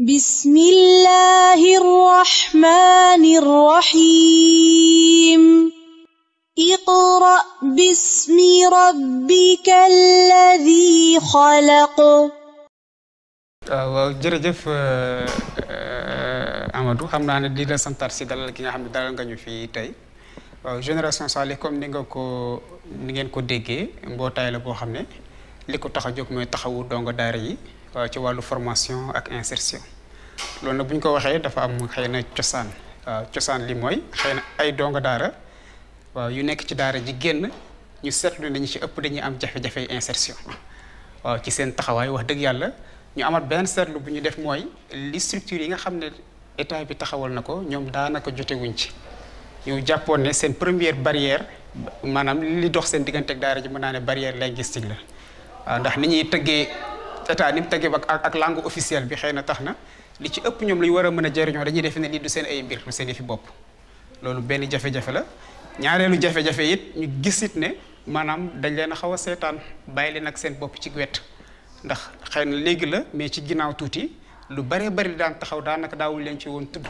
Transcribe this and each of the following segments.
بسم الله الرحمن الرحيم اقرأ باسم ربك الذي خلق waaw jërëjëf Amadou xam naa ne di la santar si dalal gi nga xam ne dalal nga ñu fii tey waaw génération Salih comme ni nga ko ni ngeen ko déggee mbootaay la boo xam ne li ko tax a jóg mooy taxawu dongo daara yi Euh, ci wàllu formation ak insertion loolu nag bu ñu ko waxee dafa am xëy na cosaan euh, cosaan li mooy xëy na ay donga daara waaw yu nekk ci daara ji génn ñu seetlu ñu ci ëpp dañuy am jafe-jafe insertion waaw ci seen taxawaay wax dëgg yàlla ñu amat benn seetlu bu ñu def mooy li structure yi nga xam ne état bi taxawal na ko ñoom daanaka jote jotewuñ ci ñu jàppoon ne seen première barrière maanaam li dox seen diggante daara ji mën naa ne barrière linguistique la waaw ndax état ni mu tege ak ak langue bi xëy na tax na li ci ëpp ñoom lu war a mën a jëriñoo dañuy defe ne lii du seen ay mbir du seen yëfi bopp loolu benn jafe-jafe la ñaareelu jafe-jafe it ñu gisit ne maanaam dañ leen a xaw a seetaan bàyyi leen ak seen bopp ci wet ndax xëy na léegi la mais ci ginnaaw tuuti lu bare bari daan taxaw daanaka daawul leen ci woon tudd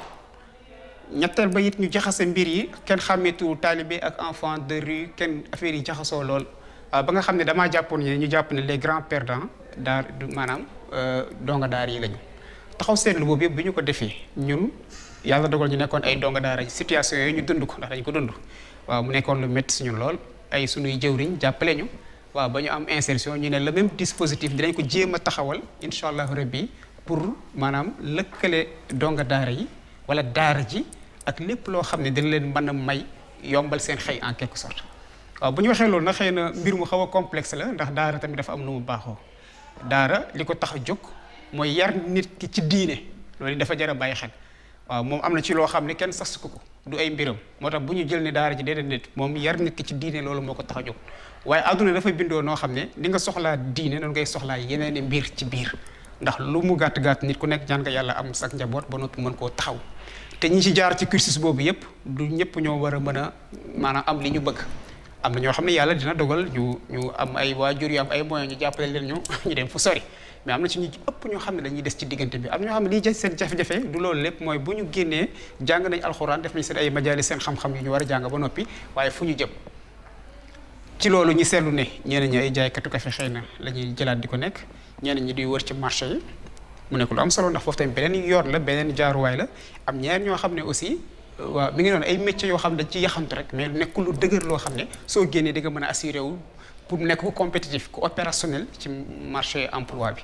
ñetteel ba yit ñu jaxase mbir yi kenn xàmmeetu taalibe ak enfant de rue kenn affaire yi jaxasoo lool ah, ba nga xam ne damaa jàppoon ne ñu jàpp ne les grands perdants manam euh donga dari yi lañu taxaw sétlu bobu yeb bi ko defee ñun yalla dogal ñu nekkon ay donga daara situation yi ñu dund ko dañ ko dund waaw mu nekkon lu metti suñu lool ay suñuy jëwriñ jappalé ñu waaw bañu am insertion ñu né le même dispositif dinañ ko jema taxawal inshallah rabbi pour manam lëkkale donga dari yi wala dar ji ak lepp lo xamné dañ leen mëna may yombal seen xey en quelque sorte waaw buñu waxé lool na xeyna mbir mu xawa complexe la ndax daara tamit dafa am nu mu baaxoo daara li ko tax a jóg mooy yar nit ki ci diine loolu dafa jar bàyyi xel waaw moom am na ci loo xam ne kenn sas ko ko du ay mbiram moo tax bu ñu jël ne daara ji déedéet nit moom yar nit ki ci diine loolu moo ko tax a jóg waaye àdduna dafa bindoo noo xam ne ni nga soxlaa diine noonu ngay soxlaa yeneen mbir ci biir ndax lu mu gàtt gàtt nit ku nekk ñaan nga yàlla am sax njaboot ba noppi mën koo taxaw te ñi ci jaar ci cursus boobu yëpp du ñëpp ñoo war a mën a maanaam am li ñu bëgg am na ñoo xam ne yàlla dina dogal ñu ñu am ay waajur yu am ay moyens ñu jàppale leen ñu ñu dem fu sori mais am na ci ñu ëpp ñoo xam ne dañuy des ci diggante bi am ñoo xam ne lii seen jafe-jafe loolu lépp mooy bu ñu génnee jàng nañ alxuraan def nañ seen ay majalis seen xam-xam yu ñu war a jàng ba noppi waaye fu ñu jëm ci loolu ñu seetlu ne ñeneen ñi ay jaaykatu kafe xëy na la ñuy jëlaat di ko nekk ñeneen ñi di wër ci marché yi mu nekk lu am solo ndax foofu tamit beneen yoon la beneen jaaruwaay la am ñeneen ñoo xam ne aussi waaw mi ngi noonu ay métiers yoo xam ne dañ ci yaxantu rek mais nekk lu dëgër loo xam ne soo génnee di nga mën a assuré pour nekk ku compétitif ku opérationnel ci marché emploi bi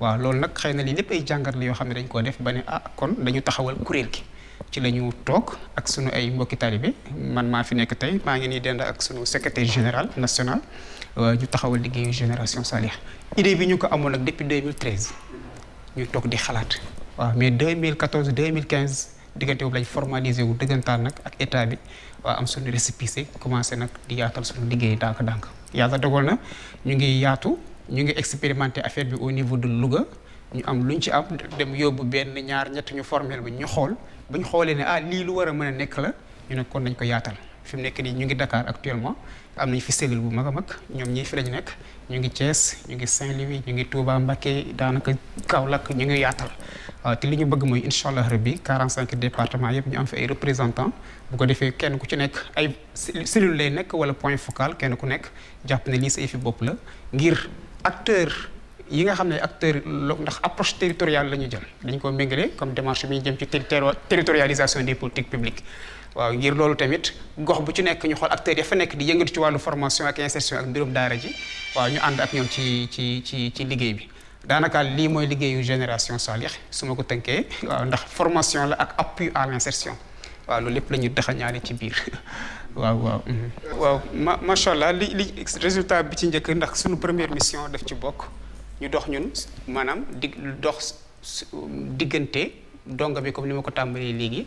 waaw loolu nag xëy na lii lépp ay jàngat la yoo xam ne dañ koo def ba ne ah kon dañu taxawal kuréel gi ci la ñu toog ak sunu ay mbokki taalibe man maa fi nekk tey maa ngi nii dend ak sunu secretaire général national ñu taxawal liggéeyu génération Saliha idée bi ñu ko amoon ak depuis 2013 ñu toog di xalaat waaw mais 2014 2015 diggante boobu lañ formalisé wu dëggantaan nag ak état bi waa am suñu récépissé commencé nag di yaatal suñu liggéey ndànk-ndànk yàlla dogal na ñu ngi yaatu ñu ngi expérimenté affaire bi au niveau du Louga ñu am luñ ci am dem yóbbu benn ñaar ñett ñu formel bi ñu xool bu ñu xoolee ne ah lii lu war a mën a nekk la ñu ne kon nañ ko yaatal fi mu nekk nii ñu ngi dakaar actuellement am nañ fi cellule bu mag a mag ñoom ñii fi lañ nekk ñu ngi Thiès ñu ngi Saint-Louis ñu ngi tuubaa Mbacké daanaka Kaolack ñu ngi yaatal te li ñu bëgg mooy incha allah rabbi 45 département yëpp ñu am fi ay représentants bu ko defee kenn ku ci nekk ay cellule lay nekk wala point focal kenn ku nekk jàpp ne lii sa fi bopp la ngir acteur yi nga xam ne acteur ndax approche territoriale la ñu jël dañ ko méngale comme démarche bi ñu jëm ci territorialisation des politiques publiques waaw ngir loolu tamit gox bu ci nekk ñu xool acteurs ya fa nekk di yëngatu ci wàllu formation ak insertion ak mbirum daara ji waaw ñu ànd ak ñoom ci ci ci ci liggéey bi daanaka lii mooy liggéeyu génération Saalix su ma ko tënkee waaw ndax formation la ak appui à l'insertion waaw loolu lépp la ñu tax a ci biir waaw waaw. Mhm. waaw ma macha allah li li résultat bi ci njëkk ndax suñu première mission daf ci bokk ñu dox ñun maanaam di dox diggante donga bi comme ni ma ko tàmbalee léegi.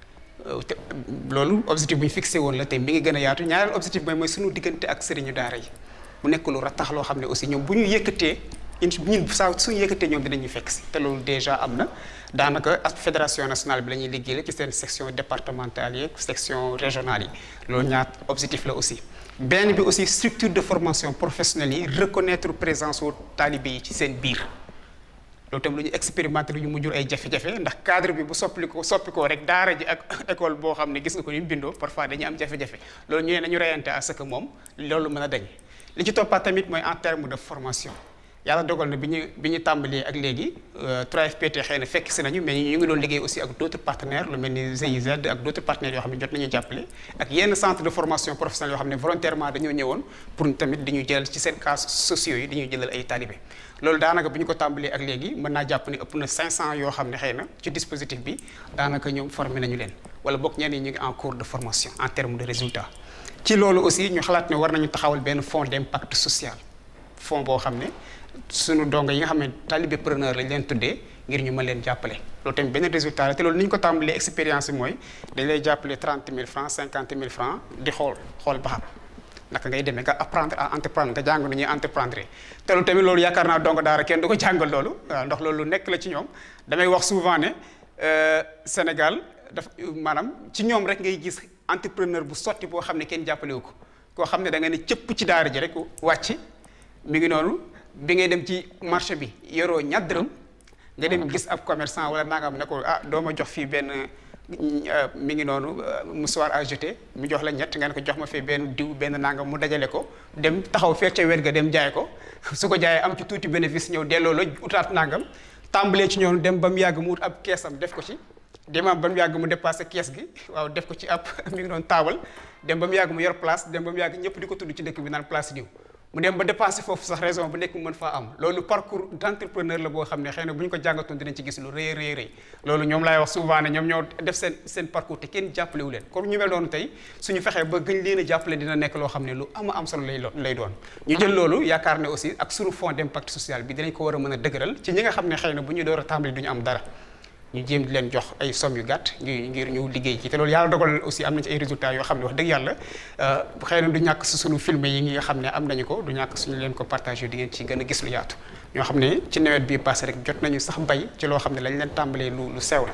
Euh, te loolu objectif bu ñu fixé woon la te mi ngi gën a yaatu ñaareel objectif mooy mooy suñu diggante ak ñu daara yi mu nekk lu rattax loo xam ne aussi ñoom bu ñu yëkkatee ñun saa suñu yëkkatee ñoom dinañu fekk si te loolu déjà am na daanaka ak fédération nationale bi la ñuy liggéeyal ci seen section départementale yi section régionale yi loolu ñaar objectif la aussi benn bi aussi structure de formation professionnelle yi reconnaître présence u taalibe yi ci seen biir do tam lu ñu expérimenté ñu mu jur ay jafé jafé ndax cadre bi bu soppi ko rek daara ji ak école bo xamné gis nga ko ñu bindo parfois dañuy am jafé jafé loolu ñu ne nañu reyante à ce que moom loolu dañ li ci toppaat tamit moy en terme de formation yàlla dogal na bi ñu bi ñu tàmbalee ak léegi 3FPT euh, xëy na fekk si nañu mais ñu ngi doon liggéey aussi ak d' autres partenaires lu mel ni GIZ ak d' autres partenaires yoo xam ne jot nañu jàppale ak yenn centre de formation professionnelle yoo xam ne volontairement dañoo ñëwoon pour tamit di ñu jëlal ci seen cas sociaux yi dañuy jëlal ay talibé loolu daanaka bi ñu ko tàmbalee ak léegi mën naa jàpp ne ëpp na 500 yoo xam ne xëy na ci dispositif bi daanaka ñoom formé nañu leen wala boog ñenn ñi ñu ngi en cours de formation en terme de résultat ci loolu aussi ñu xalaat ne war nañu taxawal benn fonds d' impact social fonds boo xam ne suñu dongo yi nga xam ne talibé preneur lañ leen tuddee ngir ñu ma leen jàppale loolu tamit benn résultat la te loolu ni ñu ko tàmbalee expérience yi dañ lay jàppale trente mille francs cinquante mille francs di xool xool ba naka ngay demee nga apprendre à entreprendre jàng nu ñuy entreprendre te loolu tamit loolu yaakaar naa dongo daara kenn du ko jàngal loolu waaw ndax loolu nekk la ci ñoom damay wax souvent ne euh, Sénégal daf maanaam ci ñoom rek ngay gis entrepreneur bu sotti boo xam ne kenn jàppale ko koo xam ne da nga ne cëpp ci daara ji rek wàcc mi ngi noonu bi ngay dem ci marché bi yoroo ñaar dërëm hmm. nga dem ah. gis ab commercant wala nangam ne ko ah doo ma jox fii benn euh, mi ngi noonu euh, mouchoir à jeter mu jox la ñett nga ne ko jox ma fee benn diw benn nangam mu dajale ko dem taxaw fee ca wet ga dem jaay ko su ko jaayee am ci tuuti bénéfice ñëw delloo la utaat nangam tàmbalee ci ñoom dem ba mu yàgg mu ut ab keesam def ko ci. dem ba mu yàgg mu dépassé kees gi waaw def ko ci ab mi ngi doon taabal dem ba mu yàgg mu yor place dem ba mu yàgg ñëpp di ko tudd ci dëkk bi naan place diw. mu dem ba dépassé foofu sax raison nekk mu mën faa am loolu parcours d'entrepreneur la boo xam ne xëy na bu ñu ko jàngatoon dinañ ci gis lu rëy rëy rëy loolu ñoom laay wax souvent ne ñoom ñoo def seen seen parcours te kenn jàppalewu leen comme ñu mel noonu tey suñu fexee ba gën leen jàppale dina nekk loo xam ne lu ama am solo lay lay doon ñu jël loolu yaakaar ne aussi ak suñu fonds d'impact social bi dinañ ko war a mën a dëgëral ci ñi nga xam ne xëy na bu ñu door a tàmbali am dara ñu jéem di leen jox ay somme yu gàtt ngir ngir ñu liggéey ci te loolu yàlla dogal aussi am nañ ci ay résultats yoo xam ne wax dëgg yàlla euh, xëy na du ñàkk si suñu film yi nga xam ne am nañu ko du ñàkk suñu leen ko partage di ngeen ci gën a gis lu yaatu ñoo xam ne ci nawet bi passé rek jot nañu sax mbay ci loo xam ne lañ leen tàmbalee lu lu sew la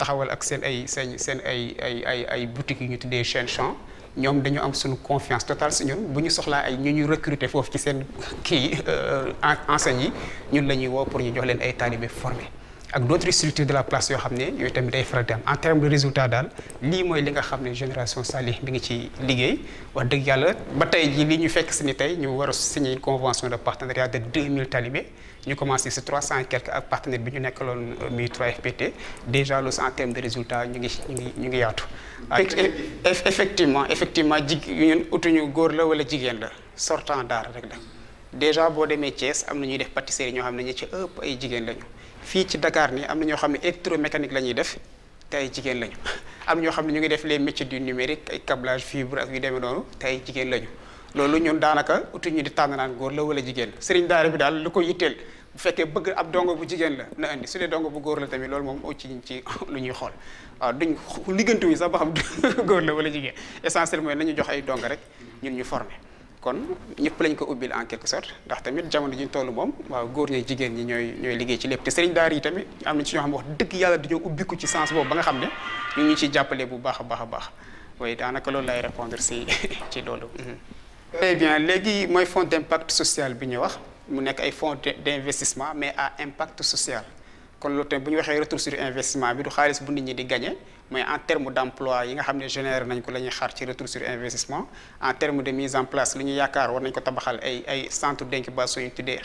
taxawal ak seen ay seen seen ay ay ay ay boutiques yu ñu tuddee chaîne champ ñoom dañu am suñu confiance totale si ñun bu ñu soxlaa ay ñu ñu recruter foofu ci seen kii euh, enseigne yi ñun la ñuy woo pour ñu jox leen ay talibé formé ak d'autres structures de la place yoo xam ne yooyu tamit day faral di am en terme de résultat daal lii mooy li nga xam ne génération Salih mi ngi ci liggéey wax dëgg yàlla ba tey jii li ñu fekk si ni tey ñu war a signé une convention de partenariat de 2000 talibé ñu commencé si 300 quelques ak partenaire bi ñu nekkaloon muy 3FPT déjà loolu en terme de résultat ñu ngi ñu ngi ñu ngi yaatu. effectivement effectivement jig ñun utuñu góor la wala jigéen la sortant daara rek la déjà boo demee Thiès am na ñuy def pâtisserie ñoo xam ne ci ëpp ay jigéen lañu. fii ci dakaar nii am na ñoo xam ne électromécanique la lañuy def te ay jigéen lañu am ñoo xam ne ñu ngi def les métiers du numérique ay fii fibre ak yu demee noonu te ay jigéen lañu loolu ñun daanaka uti ñu di tànn naan góor la wala jigéen sëriñ daara bi daal lu ko yitteel bu fekkee bëgg ab dongo bu jigéen la na indi su dee dongo bu góor la tamit loolu moom ci ci lu ñuy xool waaw duñ liggantu yi sax ba xam góor la wala jigéen essentiel mooy nañu jox ay dong rek ñun ñu former kon ñëpp lañ ko ubbil en quelque sorte ndax tamit jamono ji ñu toll moom waaw góor ñooy jigéen ñi ñooy ñooy liggéey ci lépp te sëriñ yi tamit am na ci ñoo xam wax dëgg yàlla dañoo ubbiku ci sens boobu ba nga xam ne ñu ngi ciy jàppale bu baax a baax a baax waaye daanaka loolu lay répondre si ci loolu. très mhm. eh léegi mooy fonds d'impact social bi ñu wax mu nekk ay fonds d'investissement mais à impact social. Donc, loolu tamit bu ñu retour sur investissement bi du xaalis bu nit ñi di gagner. mais en terme d'emploi, emploi yi nga xam génère nañ ko xaar ci retour sur investissement en terme de mise en place li ñu yaakaar war nañ ko tabaxal ay ay centre d' incubation yu tuddee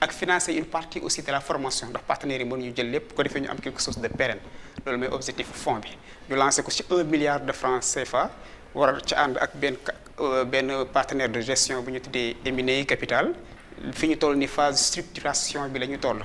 ak financer une partie aussi de la formation ndax partenaires yi mënuñu jël lépp ko ñu am quelque chose de pérenne C'est mooy objectif fond bi ñu lancé ko ci milliard de francs CFA pour a ci ak euh, partenaire de gestion bu ñu tuddee Capital fi ñu toll ni phase structuration bi la toll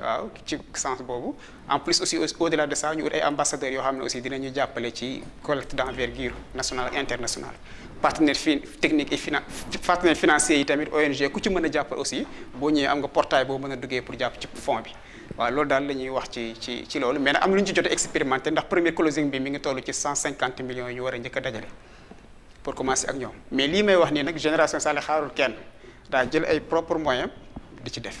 waaw ci sens boobu en plus aussi au delà de ça ñu ay ambassadeurs yoo xam ne aussi dinañu jàppale ci collecte d'envergure nationale ak internationale partenaire fi technique et finan partenaire financier yi tamit ONG ku ci mën a jàppale aussi boo ñëwee am nga portail boo mën a duggee pour jàpp ci fond bi waaw loolu daal la ñuy wax ci ci ci loolu mais nag am lu ci jot a expérimenté ndax premier closing bi mi ngi toll ci 150 millions ñu war a njëkk a dajale pour commencer ak ñoom mais lii may wax nii nag génération Sall xaarul kenn daa jël ay propres moyens di ci def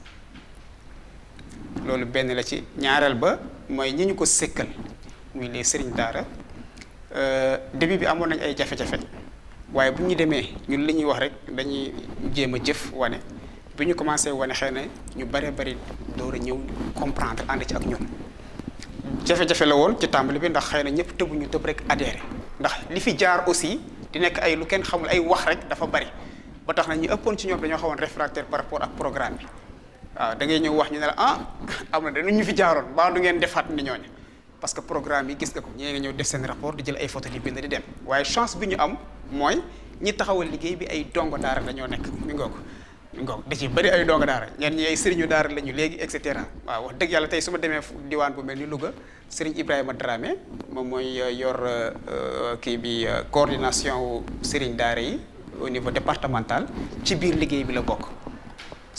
loolu benn la ci ñaareel ba mooy ñi ñu ko sëkkal muy les sëriñ daara euh, début bi amoon nañ ay jafe-jafe waaye bu ñu demee ñun li ñuy wax rek dañuy jéem a jëf wane bu ñu commencé wane xëy na ñu bare bari door a ñëw comprendre ànd ci ak ñoom jafe-jafe la woon ci tàmbali bi ndax xëy na ñëpp ñu tëb rek adhéré ndax li fi jaar aussi di nekk ay lu kenn xamul ay wax rek dafa bari ba tax na ñu ëppoon ci ñoom dañoo xawoon réfractaire par rapport ak programme bi waaw da ngay ñëw wax ñu ne la ah am na dañu ñu fi jaaroon mbaa du ngeen defaat ni ñooñu parce que programme yi gis nga ko ñee nga ñëw def seen rapport di jël ay photo di bind di dem waaye chance bi ñu am mooy ñi taxawal liggéey bi ay dongo daara dañoo nekk mi ngoo ko mi ngoo ko da bëri ay dongo daara ñeen ñu léegi et cetera waaw wax dëgg yàlla tey su ma demee diwaan bu mel ni Louga sëriñ Ibrahima Dramé moom mooy euh, yor euh, kii bi euh, coordination sëriñ daara yi au niveau départemental ci biir liggéey bi la bokk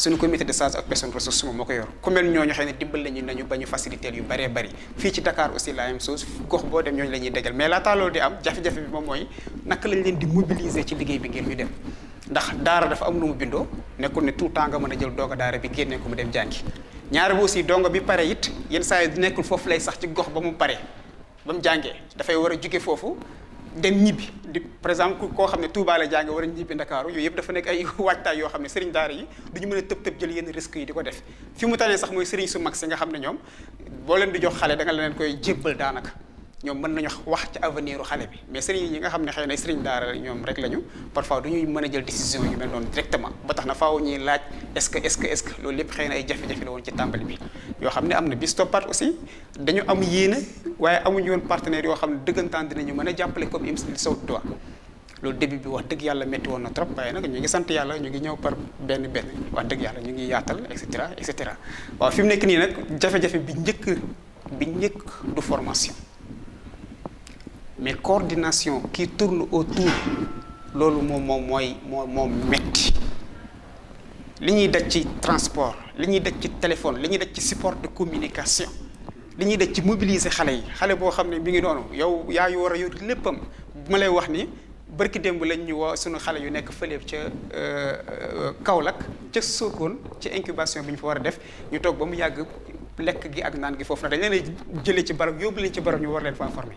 suñu comité de sage ak personne ressource suma moo ko yor ku mel ñooñu ne dimbal lañu nañu ba ñu yu bëree bëri fii ci Dakar aussi la même chose gox boo dem ñooñu la ñuy mais laata loolu di am jafe-jafe bi moom mooy naka lañ leen di mobiliser ci liggéey bi ngir ñu dem ndax daara dafa am lu mu bindoo nekkul ne tout temps nga mën a jël doog a daara bi génne ko mu dem jàngi ñaar bi aussi dongo bi pare it yenn saa yi nekkul foofu lay sax ci gox ba mu pare ba mu dafay war a jóge foofu dem ñibbi di par exemple koo xam ne Touba la jàng war a ñibbi Ndakaaru yooyu yëpp dafa nekk ay waajtaay yoo xam ne sëriñ daara yi duñu mën a tëb tëb jël yenn risques yi di ko def fi mu tanee sax mooy sëriñ su mag si nga xam ne ñoom boo leen di jox xale da leen koy jébbal daanaka ñoom mën nañu wax ci avenir xale bi mais sëriñ yi nga xam ne xëy na sëriñ daara ñoom rek lañu parfois du ñuy mën a jël décision yu mel noonu directement ba tax na faaw ñuy laaj est-ce que est-ce ay jafe-jafe la woon ci tàmbali xam ne am na bis toppaat aussi dañu am yéene waaye amuñu woon partenaire yoo xam ne dëggantaan dinañu mën a jàppale comme IMS li Sow Touba loolu début bi wax dëgg yàlla métti woon na trop waaye nag ñu ngi sant yàlla ñu ngi ñëw par benn benn wax dëgg yàlla ñu ngi yaatal et cetera et cetera waaw fi mu nekk nii nag jafe-jafe bi njëkk bi njëkk du formation mais coordination qui tourne autour loolu mom mom moy mom metti liñuy ñuy ci transport liñuy ñuy ci téléphone liñuy ñuy ci support de communication liñuy ñuy ci mobiliser xalé yi xalé bo xamné mi ngi noonu yow ya yu wara a leppam buma lay wax ni barki démb lañ ñu wo suñu xalé yu nekk ci euh, euh Kaolack ci Sokone ci incubation bi fa wara def ñu tok ba mu yagg lek gi ak nan gi fofu na dañ leen jëlee ci barab yóbbu leen ci barab ñu war leen fa former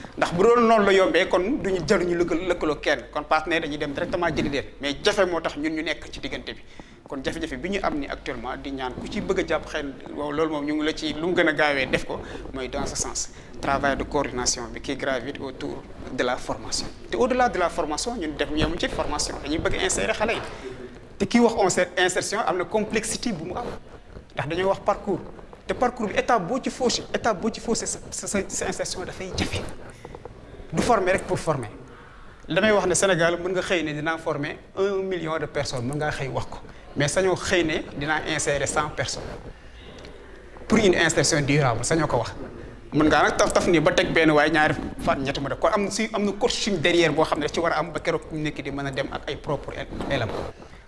ndax bu doon noonu la yombee kon duñu jaruñu lëkkal lëkkaloo kenn kon partenaire dañuy dem directement jëli leen mais jafe moo tax ñun ñu nekk ci diggante bi kon jafe-jafe bi ñu am ni actuellement di ñaan ku ci bëgg a jàpp xëy na loolu moom ñu ngi la ci lu mu gën a gaawee def ko mooy dans ce sens travail de coordination bi qui gravite autour de la formation te au delà de la formation ñun def yemuñ ci formation dañuy bëgg insérer xale yi te kii wax insertion am na complexité bu mu am ndax dañuy wax parcours te parcours bi étape boo ci fauché étape boo ci fauché sa sa sa insertion dafay jafe du former rek pour former damay wax ne Sénégal mën nga xëy ne dinaa former un million de personnes mën ngaa xëy wax ko mais sañoo xëy ne dinaa insérer cent personnes pour une insertion durable sañoo ko wax. mën ngaa nag taf taf ni ba teg benn waaye ñaari fan ñetti mu kon am si am na coaching derrière boo xam ne ci war a am ba keroog ku nekk di mën a dem ak ay propre élément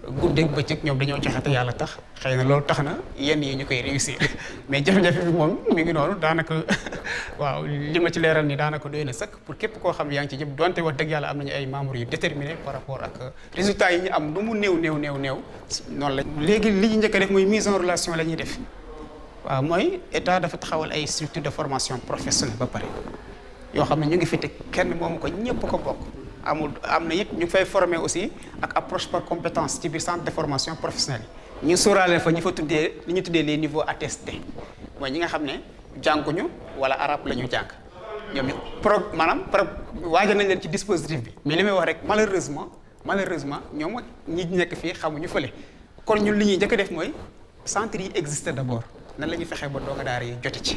guddeeg bëccëg ñoom dañoo joxe yàlla tax xëy na loolu tax na yenn yi ñu koy réussir mais jafe-jafe bi moom mi ngi noonu daanaka waaw li ma ci leeral nii daanaka doy na sëkk pour képp koo xam yaa ngi ci jëm donte wax dëgg yàlla am nañu ay membres yu déterminé par rapport ak euh, résultats yi ñu am lu mu néew new new néew noonu la léegi li ñu njëkk a def muy mise en relation la ñuy def waa mooy état dafa taxawal ay structure de formation professionnelle ba par yoo xam ne ñu ngi fi te kenn moomu ko ñëpp ko bokk amul am na ñu fay former aussi ak approche par compétence ci biir centre de formation professionnelle ñu sóoraale fa ñu fa tuddee li ñu tuddee les niveaux attestés moi ñi nga xam ne jànguñu wala arab la ñu jàng ñoom ñu pro maanaam pro nañ leen ci dispositif bi mais limay wax rek malheureusement malheureusement ñom ñi nekk fi xamuñu feulé kon ñun li ñuy def moy centre yi existé d'abord nan lañu fexé ba dooga daara yi jote ci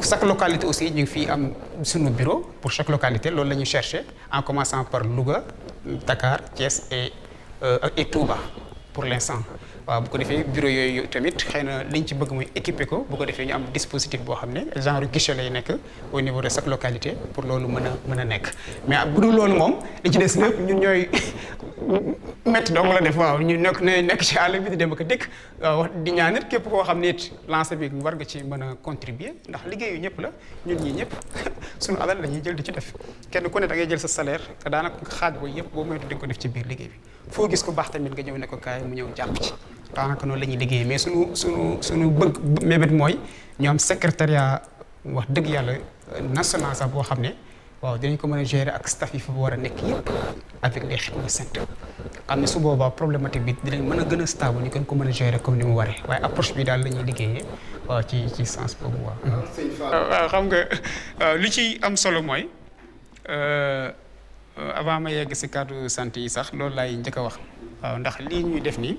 chaque localité aussi nous ngi un bureau pour chaque localité loolu la en commençant par Louga Dakar Thiès et euh, et Touba pour l'instant waaw bu ko defee bureau yooyu tamit xëy na liñ ci bëgg mooy équiper ko bu ko defee ñu am dispositif boo xam ne genre gis lay nekk au niveau de chaque localité pour loolu mën a mën a nekk mais bu dul loolu moom li ci des lépp ñun ñooy métti dong la def waaw ñu nekk ne nekk ci dem ak dikk wax di képp koo xam ne it lancé war nga ci mën a contribuer ndax liggéeyu ñëpp la ñun ñii ñëpp suñu alal la ñuy jël di ci def kenn ku ne da ngay jël sa salaire daanaka xaaj boobu yëpp boo moytu di nga ko def ci biir liggéey bi foo gis ko baax tamit nga ñëw ne ko kaay mu ñëw jàpp ci daanaka noonu la ñuy liggéey mais suñu suñu suñu bëgg mébét mooy ñoom secrétariat wax dëgg yàlla national sax boo xam ne waaw dinañ ko mën a gérer ak staff yi fa war a nekk yëpp avec les techniciens xam ne su boobaa problématique bi dinañ mën a gën a stable ñu gën ko mën a gérer comme ni mu waree waaye approche bi daal la liggéeyee waaw ci ci sens boobu waaw. waaw xam nga lu ci am solo mooy euh, avant ma yegg si cadre santé yi sax loolu laay njëkk a wax waaw ndax lii ñuy def nii.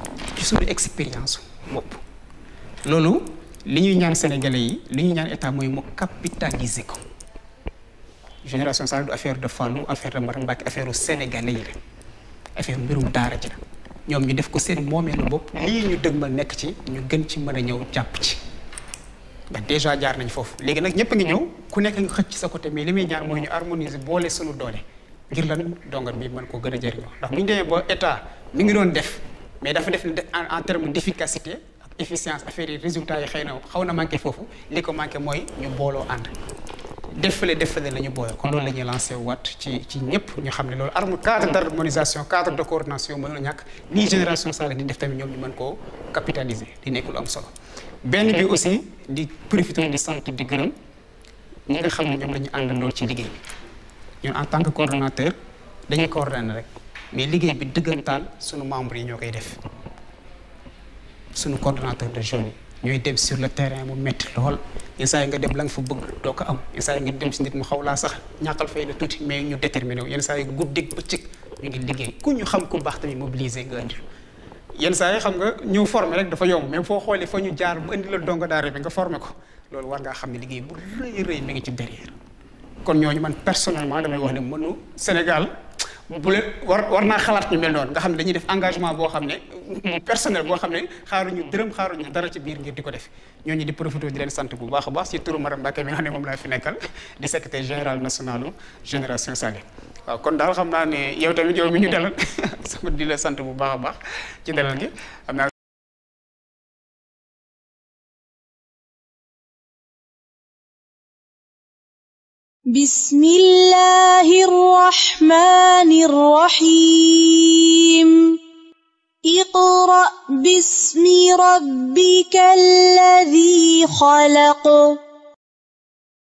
ci suñu expérience bopp loolu li ñuy ñaan sénégalais yi li ñuy ñaan état mooy mu capitaliser ko génération Sall du affaire de Fallou affaire de Mbarak Mbacké affaire u sénégalais yi la affaire mbirum daara ji la ñoom ñu def ko seen moomeelu bopp lii ñu ma nekk ci ñu gën ci mën a ñëw jàpp ci ndax déjà jaar nañ foofu léegi nag ñëpp a ngi ñëw ku nekk nga xëcc ci sa côté mii li muy ñaan mooy ñu harmoniser boole sunu doole ngir lan dongal bi mën koo gën a jëriñoo ñu ngi doon def mais dafa def en en terme d'efficacité ak efficience affaire yi résultats yi xëy na xaw na manqué foofu li ko manqué mooy ñu booloo ànd. defale defale la ñu boole. kon loolu la ñuy lancé waat ci ci ñëpp ñu xam ne loolu arme cadre d' harmonisation cadre de coordination mën na ñàkk génération Sall di def tamit ñoom ñu mën koo capitaliser di nekk lu am solo. benn bi aussi di profiter di sant di gërëm ñi nga xam ne ñoom la ñu àndandoo ci liggéey bi ñun en tant que coordonnateur dañuy coordonné rek. mais liggéey bi dëggantaan sunu membre yi ñoo koy def sunu coordonnateur de jeunes yi ñooy dem sur le terrain mu métti lool yenn nga dem la nga fa bëgg doo ko am yenn nga dem si nit mu xaw laa sax ñàkkal fay la tuuti mais ñu déterminé wu yenn saa yi guddeeg bëccëg ñu ngi liggéey ku ñu xam ku baax tamit nga indi yenn saa yi xam nga ñëw formé rek dafa yomb mais foo xoolee fa ñu jaar mu indi la dongo daara bi nga formé ko loolu war ngaa xam ne liggéey bu rëy rëy mi ngi ci derrière kon ñooñu man personnellement damay wax ne mënu Sénégal bu leen war naa xalaat ñu mel noonu nga xam ne dañuy def engagement boo xam ne mu personnel boo xam ne xaaruñu dërëm xaaruñu dara ci biir ngir di ko def ñooñu di profité di leen sant bu baax a baax ci turu Maram Mbacke mi nga xam ne moom laa fi nekkal di secrétaire général national génération Salé waaw kon daal xam naa ne yow tamit yow mi ñu dalal sama di la sant bu baax a baax ci dalal gi xam naa بسم الله الرحمن الرحيم اقرأ باسم ربك الذي خلق